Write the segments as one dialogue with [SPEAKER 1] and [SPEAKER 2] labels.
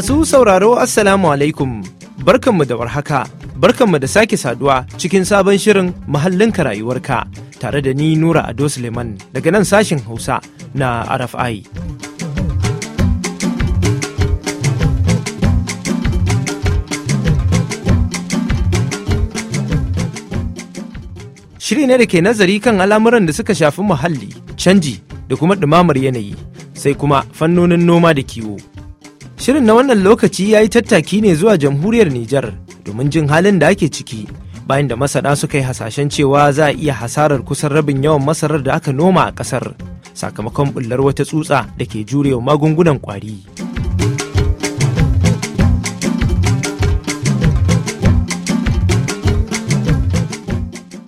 [SPEAKER 1] Masu sauraro Assalamu alaikum, barkanmu da warhaka, barkanmu da sake saduwa cikin sabon shirin muhallinka rayuwarka tare da ni Nura Ado Suleiman daga nan sashin Hausa na RFI. Shiri ne da ke nazari kan al'amuran da suka shafi muhalli, canji da kuma ɗumamar yanayi, sai kuma fannonin noma da kiwo. Shirin na wannan lokaci ya yi tattaki ne zuwa jamhuriyar Nijar domin jin halin da ake ciki bayan da masana suka yi hasashen cewa za a iya hasarar kusan rabin yawan masarar da aka noma a ƙasar sakamakon bullar wata tsutsa da ke jurewa magungunan kwari.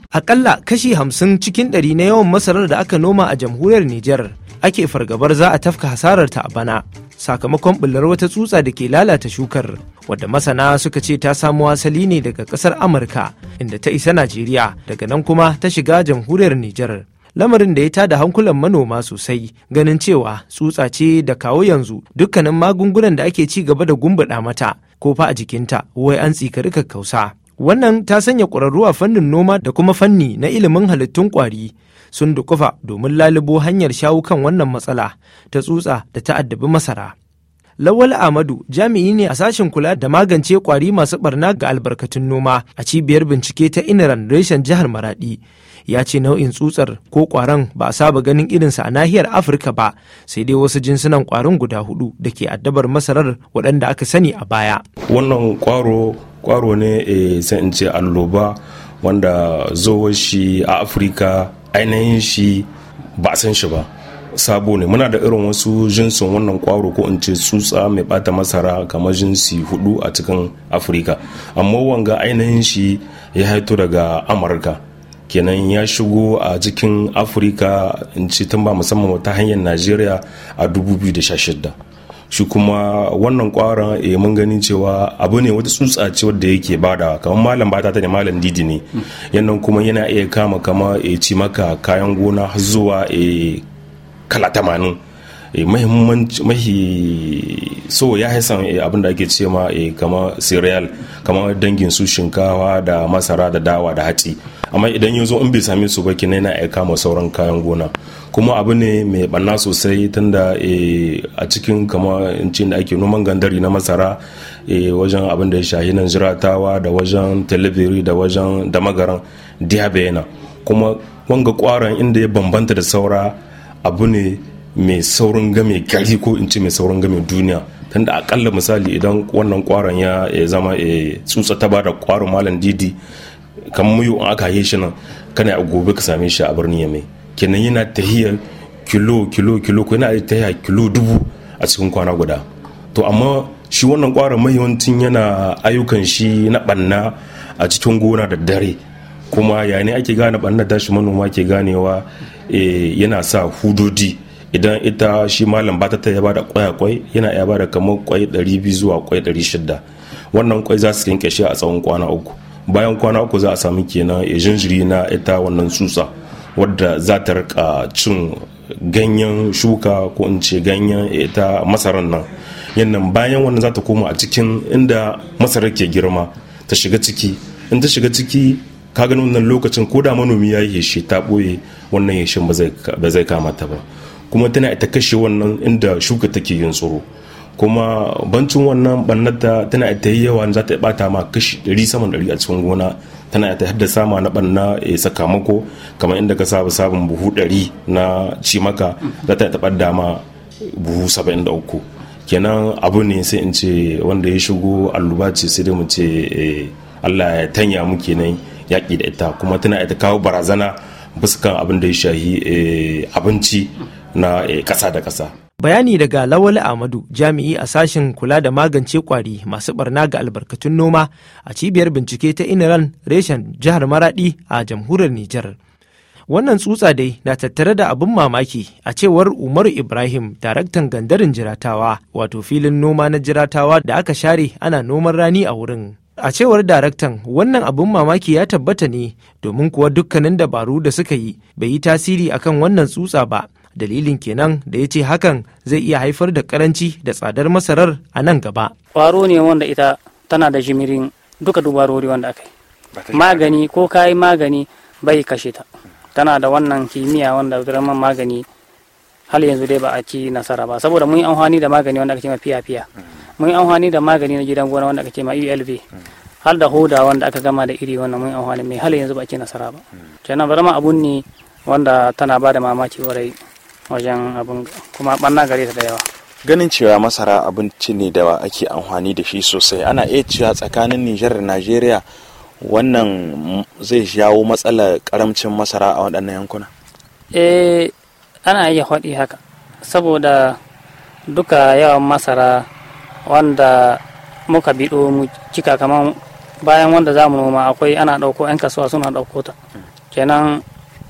[SPEAKER 1] Akalla kashi hamsin cikin ɗari na yawan masarar da aka noma a jamhuriyar Nijar ake fargabar za a tafka hasararta a bana sakamakon bullar wata tsutsa da ke lalata shukar wadda masana suka ce ta samu asali ne daga kasar amurka inda ta isa najeriya daga nan kuma ta shiga jamhuriyar nijar lamarin da ya tada hankulan manoma sosai ganin cewa tsutsa ce da kawo yanzu dukkanin magungunan da ake ci gaba da gumbuɗa mata ko fa a jikinta wai an tsikari kakkausa wannan ta sanya ƙwararru a fannin noma da kuma fanni na ilimin halittun ƙwari sun dukufa domin lalubo hanyar shawo kan wannan matsala ta tsutsa da ta addabi masara. Lawal Ahmadu jami'i ne a sashen kula da magance kwari masu barna ga albarkatun noma a cibiyar bincike ta Inran reshen jihar Maradi. Ya ce nau'in tsutsar ko kwaron ba a saba ganin irinsa a nahiyar Afirka ba sai dai wasu jinsunan kwarin guda hudu da ke addabar masarar waɗanda aka sani a baya.
[SPEAKER 2] Wannan kwaro kwaro ne eh, sai in ce alloba wanda zowar shi a afirka ainihin shi ba a san shi ba sabo ne muna da irin wasu jinsin wannan kwaro ko in ce tsutsa mai bata masara kamar jinsi hudu a cikin afirka amma wanga ainihin shi ya haito daga amurka kenan ya shigo a cikin afirka in ce tun ba musamman ta hanyar najeriya a 2016 shi kuma wannan kwaron eh mun gani cewa abu ne wata tsutsa ce wadda yake bada kamar malam bata ta ne malam didi ne yannan kuma yana iya kama kama eh ci maka kayan gona zuwa eh kala 80 eh, mahimmanci mahi so ya haisan eh, abin da ake ce ma eh, kama cereal kama dangin su shinkawa da masara da dawa da hatsi amma idan yanzu zo in bai same su ba kenan yana aika ma sauran kayan gona kuma abu ne mai banna sosai tunda eh, a cikin kama in ce da ake noman gandari na masara eh, wajen abin da ya shahi nan jiratawa da wajen talibiri da wajen damagaran bayana kuma wanga kwaron inda ya bambanta da saura abu ne mai saurin game gari ko in ce mai saurin game duniya tunda akalla misali idan wannan kwaron ya zama eh, tsutsa ta da kwaron malam didi kamar muyu in aka shi nan kana a gobe ka same shi a birnin yamai kenan yana tahiyar kilo kilo kilo ko yana tahiya kilo dubu a cikin kwana guda to amma shi wannan kwara yawancin yana ayyukan shi na banna a cikin gona da dare kuma ya ne ake gane banna shi manoma ke ganewa eh, yana sa hudodi idan ita shi malam ba ta ya ba da kwai yana ya ba da kamar kwai 200 zuwa kwai 600 wannan kwai za su kinkashe a tsawon kwana uku bayan kwana uku za a sami kenan ya jinjiri na ita wannan tsutsa wadda za ta rika cin ganyen shuka ko in ce ganyen ita masarar nan yannan bayan wannan za ta koma a cikin inda masarar ke girma ta shiga ciki in ta shiga ciki ka gani wannan lokacin ko da manomi ya yi heshe ta ɓoye wannan yashin ba zai kama ta ba kuma tana ita kashe wannan inda shuka take yin tsoro kuma bancin wannan bannar ta tana ta yi yawa za ta bata ma kashi ɗari saman ɗari a cikin gona tana ta haddasa ma na banna eh, sakamako kamar inda ka saba sabon buhu ɗari na cimaka za ta taɓar da ma buhu saba'in da uku kenan abu ne sai in ce wanda ya shigo alluba ce sai dai mu ce eh, allah ya tanya mu kenan yaƙi da ita kuma tana ita kawo barazana bisa abin da ya shahi eh, abinci na ƙasa da ƙasa
[SPEAKER 1] Bayani daga Lawali Ahmadu jami'i a sashen kula da magance kwari masu barna ga albarkatun noma a cibiyar bincike ta inran reshen jihar Maradi a jamhuriyar Nijar. Wannan tsutsa dai na tattare da abin mamaki a cewar Umaru Ibrahim daraktan gandarin jiratawa wato filin noma na jiratawa da aka share ana noman rani a wurin. A cewar daraktan wannan abin mamaki ya tabbata ne domin kuwa dukkanin dabaru da suka yi bai yi tasiri akan wannan tsutsa ba dalilin kenan da ya ce hakan zai iya haifar da karanci da tsadar masarar a nan gaba
[SPEAKER 3] kwaro ne wanda ita tana da jimirin duka dubarori wanda aka yi magani ko kayi magani bai kashe ta tana da wannan kimiyya wanda vraiment magani hal yanzu dai ba a ci nasara ba saboda mun yi amfani da magani wanda aka ce ma fiya fiya mun yi amfani da magani na gidan gona wanda aka ce ma ulv e Hal da hoda wanda aka gama da iri wannan mun yi amfani mai hal yanzu ba a ci nasara ba hmm. kenan vraiment abun ne wanda tana ba da mamaki warai wajen abin kuma ɓanna gare ta da yawa
[SPEAKER 4] ganin cewa masara abinci ne da ake amfani da shi sosai ana iya cewa tsakanin nijar da najeriya wannan zai jawo matsalar karamcin masara a waɗannan yankuna
[SPEAKER 3] eh ana iya haɗi haka saboda duka yawan masara wanda muka biɗo mu cika kamar bayan wanda za mu noma akwai ana ɗauko 'yan kasuwa suna ɗauko ta kenan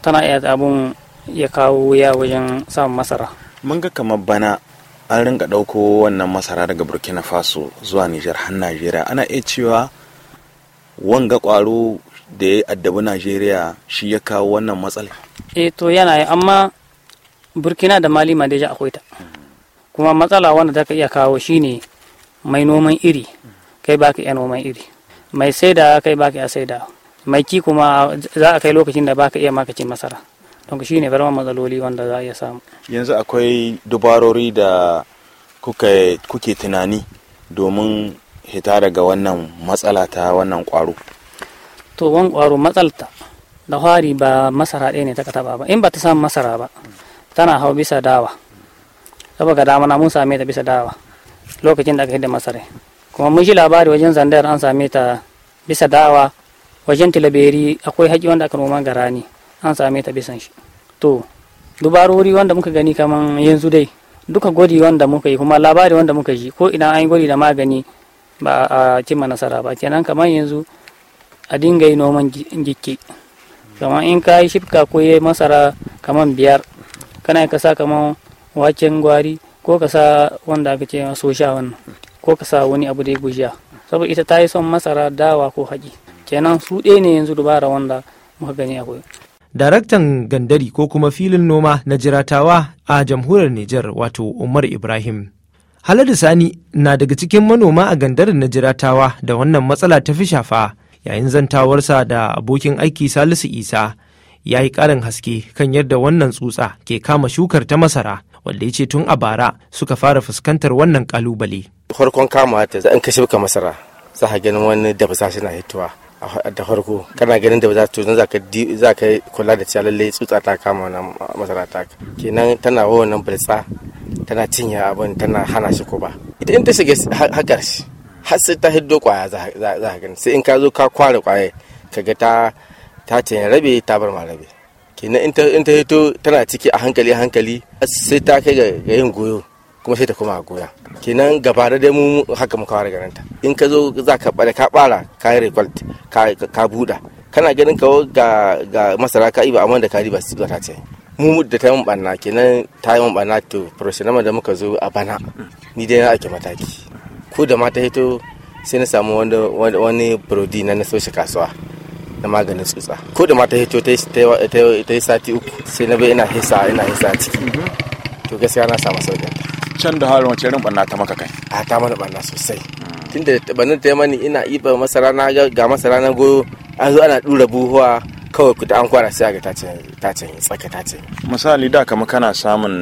[SPEAKER 3] tana iya abun ya kawo wuya wajen samun masara mun ga
[SPEAKER 4] kamar bana an rinka ɗauko wannan masara daga burkina faso zuwa nijar har najeriya ana iya cewa wanga ƙwaro da ya addabi najeriya shi ya kawo wannan matsala
[SPEAKER 3] e to yana yi amma burkina da mali madeja akwai ta kuma matsala wanda ta iya kawo shine mai noman iri kai ka iya noman iri mai saida kai ka iya saida mai ki kuma za a kai lokacin da ka iya makacin masara don shi ne barma matsaloli wanda za a iya samu
[SPEAKER 4] yanzu akwai dubarori da kuke tunani domin hita daga wannan matsala ta wannan kwaro
[SPEAKER 3] to wan kwaro matsalta da fari ba masara ɗaya ne ta taba ba in ba ta samu masara ba tana hau bisa dawa saboda dama na mun same ta bisa dawa lokacin da aka hidda masara kuma mun shi labari wajen zandar an same ta bisa dawa wajen tilaberi akwai haƙi wanda aka noma rani. an same ta bisan shi to dubarori wanda muka gani kaman yanzu dai duka gwadi wanda muka yi kuma labari wanda muka ji ko ina an yi gwadi da magani ba a cimma nasara ba kenan kamar yanzu a dinga yi noman jiki kamar in ka yi shifka ko yi masara kamar biyar kana ka sa kamar waken gwari ko ka sa wanda aka ce sosha wannan ko ka wani abu da ya gujiya saboda ita ta yi son masara dawa ko haƙi kenan su ɗaya ne yanzu dubara wanda muka gani akwai
[SPEAKER 1] daraktan gandari ko kuma filin noma na jiratawa a jamhuriyar Nijar wato Umar Ibrahim. Haladu Sani na daga cikin manoma a gandarin na jiratawa da wannan matsala ta fi shafa yayin zantawarsa da abokin aiki Salisu Isa ya yi karin haske kan yadda wannan tsutsa ke kama shukar ta masara wanda ya ce tun a bara suka fara fuskantar wannan kalubale.
[SPEAKER 5] Farkon kama ta in ka shuka masara za ka ganin wani dabasa suna hitowa da farko kana ganin da ba za ta za ka za kula da cewa lalle tsutsa ta kama wannan masara ta kenan tana wa wannan balsa tana cinye abin tana hana shi ko ba ita in ta shiga hakar shi har sai ta hiddo kwaya za ka gani sai in ka zo ka kware kwaye ga ta ta cinye rabe ta bar ma rabe kenan in ta hito tana ciki a hankali hankali sai ta kai ga yin goyo kuma sai ta koma a goya kenan gaba da dai mu haka muka fara garin ta in ka zo za ka bada ka bara ka yi revolt ka buda kana ganin ka ga ga masara ka iba amma da ka riba su ta ce mu da ta yi banna kenan ta yi banna to professional da muka zo a bana ni dai na ake mataki ko da mata hito sai na samu wani brodi na na soshi kasuwa na maganin tsutsa ko da mata hito ta yi sati uku sai na bai ina hisa ina hisa ciki to gaskiya na samu sauƙin can da halin wace irin banna ta maka kai a ta mana barna sosai hmm. da bannin ta mani ina iba masara na ga masara na goyo a zo ana dura buhuwa kawai kuta an kwana sai ga ta ce tsaka ta ce
[SPEAKER 4] misali da kama kana samun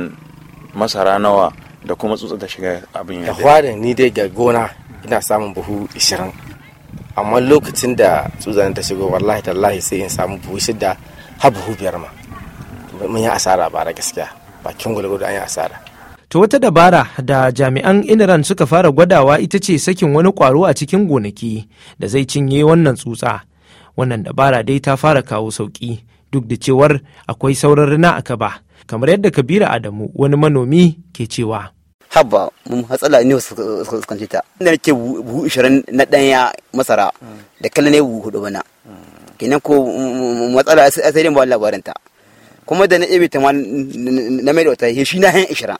[SPEAKER 4] masara nawa da kuma tsutsa ta shiga abin ya da ni dai ga gona ina samun buhu
[SPEAKER 5] 20 amma lokacin da tsutsa ta shigo wallahi tallahi sai in samu buhu shida har buhu biyar ma mun yi asara bara gaskiya bakin gulgudu an yi asara
[SPEAKER 1] To wata dabara da jami'an Iniran suka fara gwadawa ita ce sakin wani kwaro a cikin gonaki da zai cinye wannan tsutsa. Wannan dabara dai ta fara kawo sauki duk da cewar akwai sauran rina aka ba Kamar yadda Kabira Adamu wani manomi ke cewa.
[SPEAKER 6] Habba mun hatsala ne su kanci ta. Ina ce buhu ishirin na ɗanya masara da kala ne buhu hudu bana. Kenan ko matsala sai dai ba labarinta. Kuma da na ebe ta ma na mai da wata shi na hin ishirin.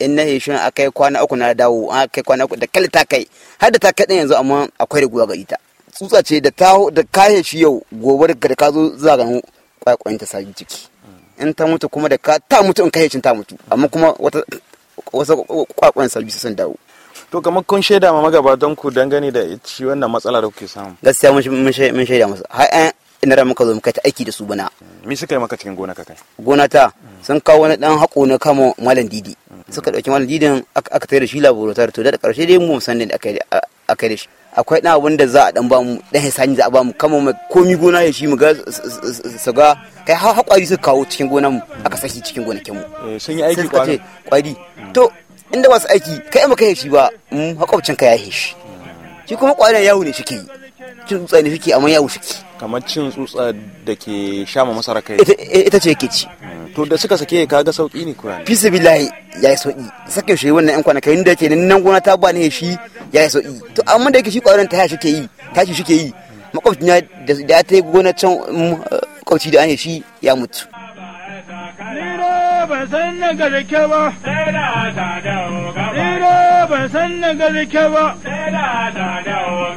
[SPEAKER 6] in na a akai kwana uku na dawo an kai kwana uku da kalli ta kai har da ta kai din yanzu amma akwai riguwa ga ita tsutsa ce da ta da kayan shi yau gobe da ka zo za ga kwaikwayon ta sai ciki in ta mutu kuma da ka ta mutu in kai ta mutu amma kuma wata wasu kwaikwayon sabbi san dawo to kamar kun shaida ma magabatan ku dangane da shi
[SPEAKER 4] wannan matsala da kuke samu
[SPEAKER 6] gaskiya mun shaida musu har an ina ran muka zo muka ta aiki da su bana
[SPEAKER 4] me suka yi maka cikin gona ka kai
[SPEAKER 6] gona ta sun kawo wani dan hako na kama malam didi suka mana malam aka tare da shi laboratory to da ƙarshe dai mu san ne da aka da shi akwai ɗan abin da za a dan bamu dan hisani za a bamu kama mai komi gona ya shi mu ga su ga kai har kwari suka kawo cikin gonan mu aka saki cikin gonakin mu eh, sun yi aiki kwari ƙwari to inda ba su aiki kai ma kai shi ba mu mm, hakwabcin ka ya shi hmm. shi kuma kwarin yawo ne shi ke yi cin tsutsa da suke amma yawo suke
[SPEAKER 4] kamar cin tsutsa da ke shama masara kai ita
[SPEAKER 6] ce yake ci mm. to da suka sake ka ga sauki ne kuran fi billahi ya yi sauki sake shi wannan yan kwanakin da ke nan gona ta ba ne shi ya yi sauki to amma da yake shi kwaron ta shi ke yi ta shi ke yi makwabcin da ya ta yi gona can mm, makwabci da ne shi ya mutu
[SPEAKER 4] ban san na garke ba sai da
[SPEAKER 3] ta dawo
[SPEAKER 4] ban san na garke ba
[SPEAKER 3] sai da ta dawo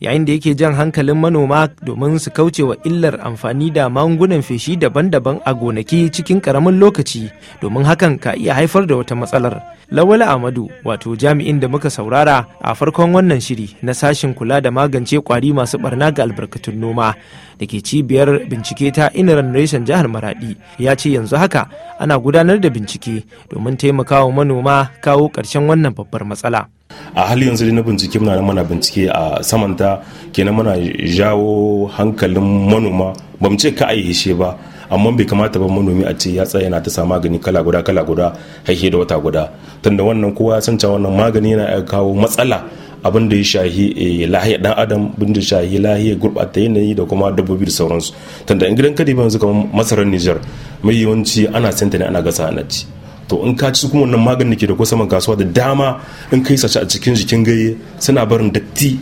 [SPEAKER 1] yayin da yake jan hankalin manoma domin su kauce wa illar amfani da magungunan feshi daban-daban a gonaki cikin karamin lokaci domin hakan ka iya haifar da wata matsalar Lawala Amadu wato jami'in da muka saurara a farkon wannan shiri na sashin kula da magance kwari masu barna ga albarkatun noma da ke cibiyar bincike ta Inaran Reshen jihar Maradi ya ce yanzu haka ana gudanar da bincike domin taimakawa manoma kawo ƙarshen wannan babbar matsala.
[SPEAKER 2] a hali yanzu dai na bincike muna nan mana bincike a samanta kenan muna jawo hankalin manoma ba mu ce ka aihishe ba amma bai kamata ba manomi a ce ya tsaya yana ta sa magani kala guda kala guda haihe da wata guda tunda wannan kowa ya san cewa wannan magani yana kawo matsala abin da ya shahi eh, lahiyar dan adam abin da shahi lahiyar gurɓata yanayi da kuma dabbobi da sauransu tunda in gidan kadi yanzu kamar masarar nijar mai yawanci ana santa ne ana gasa ana to in ka ci kuma wannan maganin ke da kusa man kasuwa da dama in kai sace a cikin jikin gaye suna barin datti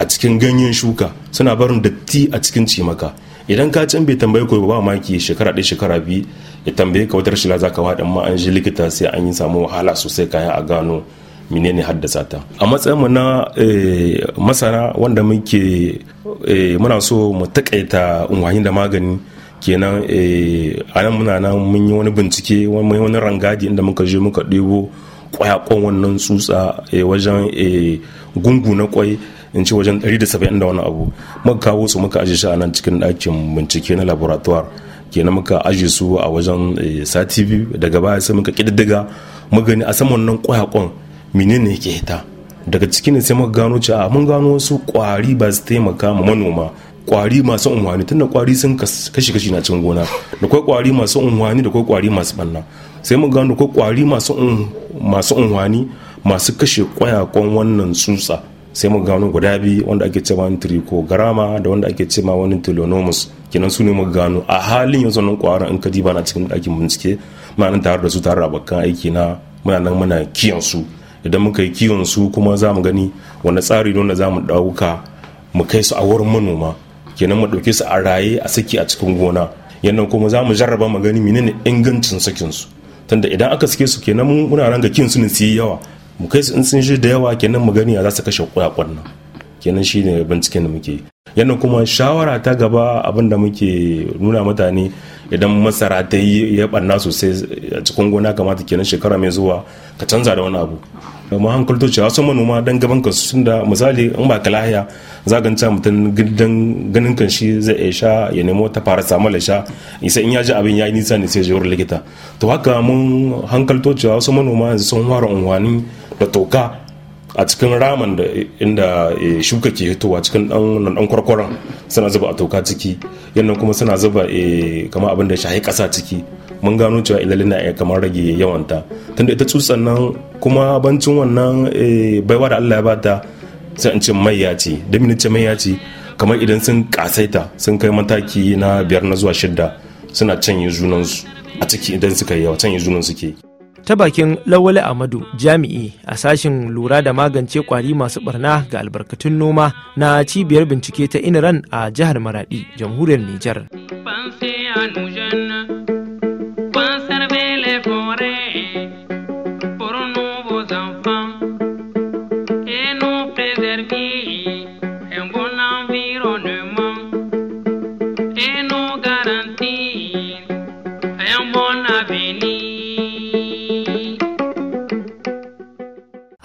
[SPEAKER 2] a cikin ganyen shuka suna barin datti a cikin cimaka idan ka can bai tambaye ko ba maki shekara ɗaya shekara biyu ya tambaye ka wata rashin za ka waɗa ma an ji likita sai an yi samu wahala sosai kayan a gano menene haddasa ta a matsayinmu na eh, masana wanda muke eh, muna so mu takaita unwani da magani kenan eh, a nan muna nan mun yi wani bincike wani rangadi inda muka je muka ɗebo kwayakon wannan tsutsa wajen gungu na kwai in ci wajen 170 da wani abu muka kawo su muka aje shi a nan cikin ɗakin bincike na laboratoire kenan muka aje su a wajen eh, sati biyu daga baya sai muka kididdiga mu gani a saman nan kwayakon menene yake hita daga ciki ne sai muka gano cewa mun gano wasu kwari ba su taimaka ma manoma kwari masu unwani tunda kwari sun kashi kashi na cikin gona da kwai kwari masu unwani da kwai kwari masu banna sai mun gano da kwai kwari masu unwani masu kashe kwayakon wannan tsutsa sai mu ga wani guda biyu wanda ake cewa wani trichogramma da wanda ake cewa wani telonomus kenan su ne mu gano a halin yanzu nan kwaran in ka diba na cikin ɗakin bincike muna nan tare da su tare da abokan aiki na muna nan muna kiyon su idan muka yi kiyon su kuma za mu gani wani tsari ne wanda za mu ɗauka mu kai su a wurin manoma kenan mu ɗauke su a raye a saki a cikin gona yannan kuma za mu jarraba mu gani menene ingancin sakin su tunda idan aka sake su kenan muna nan ga kin su ne su yi yawa mu kai su in sun shi da yawa kenan mu gani a za su kashe kuyakwan nan kenan shi ne binciken da muke yana kuma shawara ta gaba abin da muke nuna mutane idan masara ta yi ya ɓanna sosai a cikin gona kamata kenan shekara mai zuwa ka canza da wani abu mu hankalto cewa manoma dan gaban ka sun da misali in ba ka lahiya ganta mutum gidan ganin kan shi zai iya sha ya nemo ta fara samu la sha isa in ya ji abin ya yi nisa ne sai ya likita to haka mun hankalto cewa manoma yanzu sun fara unwani da toka a cikin raman da inda eh, shuka ke hitowa cikin dan kwarkwaran kwarkwaron suna zuba a toka ciki yannan kuma suna zuba eh, kamar abin da shahi kasa ciki mun gano cewa ilalin na iya kamar rage yawanta tunda ita tsutsan nan kuma bancin wannan eh, baiwa da Allah ya bata sai an ce maiya ce da min ce maiya ce kamar idan sun kasaita sun kai mataki na biyar na zuwa shidda suna canye junansu a ciki idan suka yi yawa canye junansu ke
[SPEAKER 1] ta bakin lawale amadu jami'i a sashin lura da magance kwari masu barna ga albarkatun noma na cibiyar bincike ta iniran a jihar maradi jamhuriyar nijar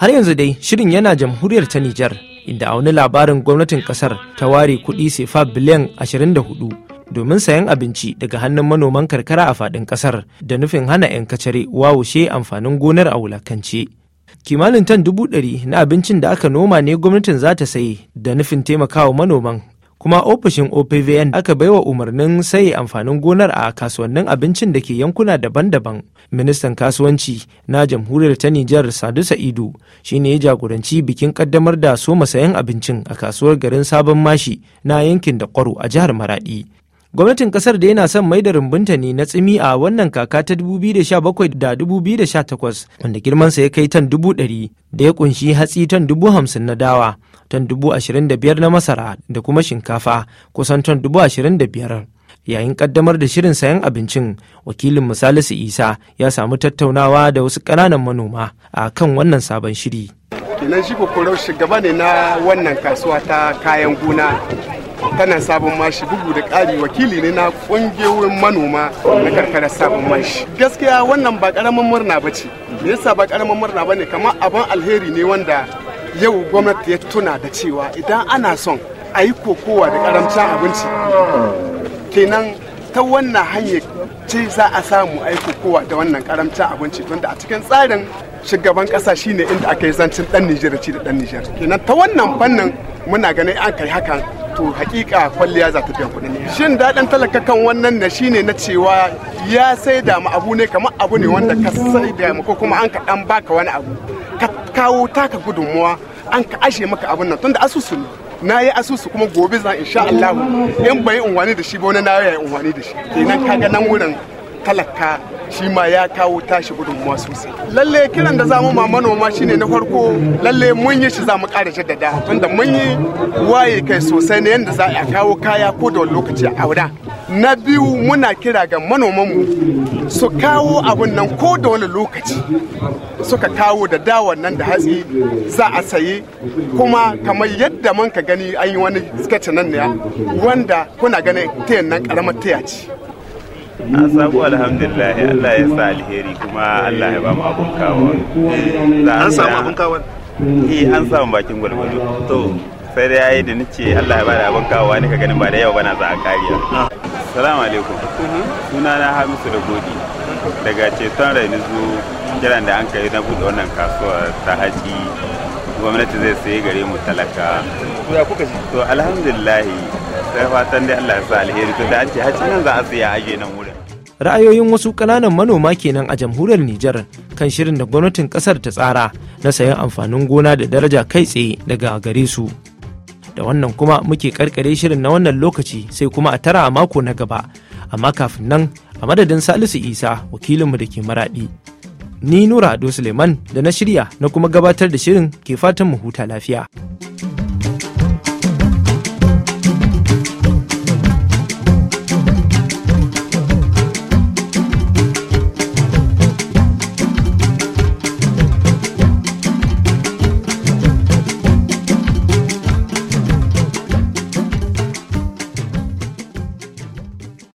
[SPEAKER 1] har yanzu dai shirin yana jamhuriyar ta nijar inda a wani labarin gwamnatin kasar ta ware kudi sefa biliyan 24 domin sayan abinci daga hannun manoman karkara a fadin kasar da nufin hana 'yan kacare wawushe amfanin gonar a wulakance kimanin tan dubu ɗari na abincin da aka noma ne gwamnatin za ta sayi da nufin taimakawa manoman kuma ofishin opvn aka baiwa umarnin sai amfanin gonar a kasuwannin abincin da ke yankuna daban-daban ministan kasuwanci na jamhuriyar ta nijar sadu sa'idu shi ne ya jagoranci bikin kaddamar da soma sayan abincin a kasuwar garin sabon mashi na yankin da kwaro a jihar maradi gwamnatin kasar da yana son maida rumbunta ne na tsimi a wannan kaka ta 2017 da 2018 wanda girmansa ya kai tan 100 da ya kunshi hatsi tan 50 na dawa tan 25 na masara da kuma shinkafa kusan tan 25 yayin kaddamar da shirin sayan abincin wakilin misalisu isa ya samu tattaunawa da wasu ƙananan manoma a kan wannan sabon shiri
[SPEAKER 7] kenan shi kokoro shugaba ne na wannan kasuwa ta kayan gona tana sabon mashi bugu da ƙari wakili ne na ƙungiyoyin manoma na karkara sabon mashi gaskiya wannan ba ƙaramin murna ba ce me yasa ba ƙaramin murna ba ne kamar abin alheri ne wanda yau gwamnati ya tuna da cewa idan ana son a yi kokowa da ƙaramcin abinci kenan ta wannan hanyar ce za a samu a yi kokowa da wannan ƙaramcin abinci tunda a cikin tsarin shugaban kasa shine inda aka yi zancen dan Nijar ci da dan Nijar kenan ta wannan fannin muna ganin an kai hakan to hakika kwalliya za ta biyan kuɗi. ne shin daɗin talaka kan wannan na shine na cewa ya sai da mu abu ne kamar abu ne wanda ka sai da mu ko kuma an ka dan baka wani abu ka kawo taka gudunmuwa an ka ashe maka abun nan tunda asusu ne na yi asusu kuma gobe zan insha Allah in bai unwani da shi ba wani na yi unwani da shi kenan kaga nan wurin talaka shi ma ya kawo tashi gudunmuwa sosai lalle kiran da zamu ma manoma shine na farko lalle mun yi shi za mu da jaddada tunda mun yi waye kai sosai ne yadda za a kawo kaya ko da lokaci a wuda na biyu muna kira ga mu su kawo abin nan ko da wani lokaci suka kawo da dawa nan da hatsi za a sayi kuma kamar yadda man ka gani an yi wani sketch nan ne wanda kuna ganin tayan nan karamar taya ce
[SPEAKER 4] an samu alhamdulillah Allah ya sa alheri kuma Allah ya ba mu abun kawon an samu abun kawon eh an samu bakin gwalgwalo to sai dai yayi da nace Allah ya ba da abun kawo ne ka ganin ba da yau bana za a kariya ah. assalamu alaikum mhm. suna na Hamisu da Godi daga ceton Rainizu kiran da an kai na bude wannan kasuwa ta haji gwamnati zai sai gare mu talaka ya kuka shi to alhamdulillah sai fatan dai Allah ya sa alheri to da an ce har nan za a tsaya a nan
[SPEAKER 1] wurin ra'ayoyin wasu ƙananan manoma kenan a jamhuriyar Nijar kan shirin da gwamnatin ƙasar ta tsara na sayan amfanin gona da daraja kai tsaye daga gare su. Da wannan kuma muke karkare shirin na wannan lokaci sai kuma a tara a mako na gaba, amma kafin nan a madadin Salisu Isa wakilinmu da ke maraɗi. Ni Nura Ado Suleiman da na shirya na kuma gabatar da shirin ke fatan mu huta lafiya.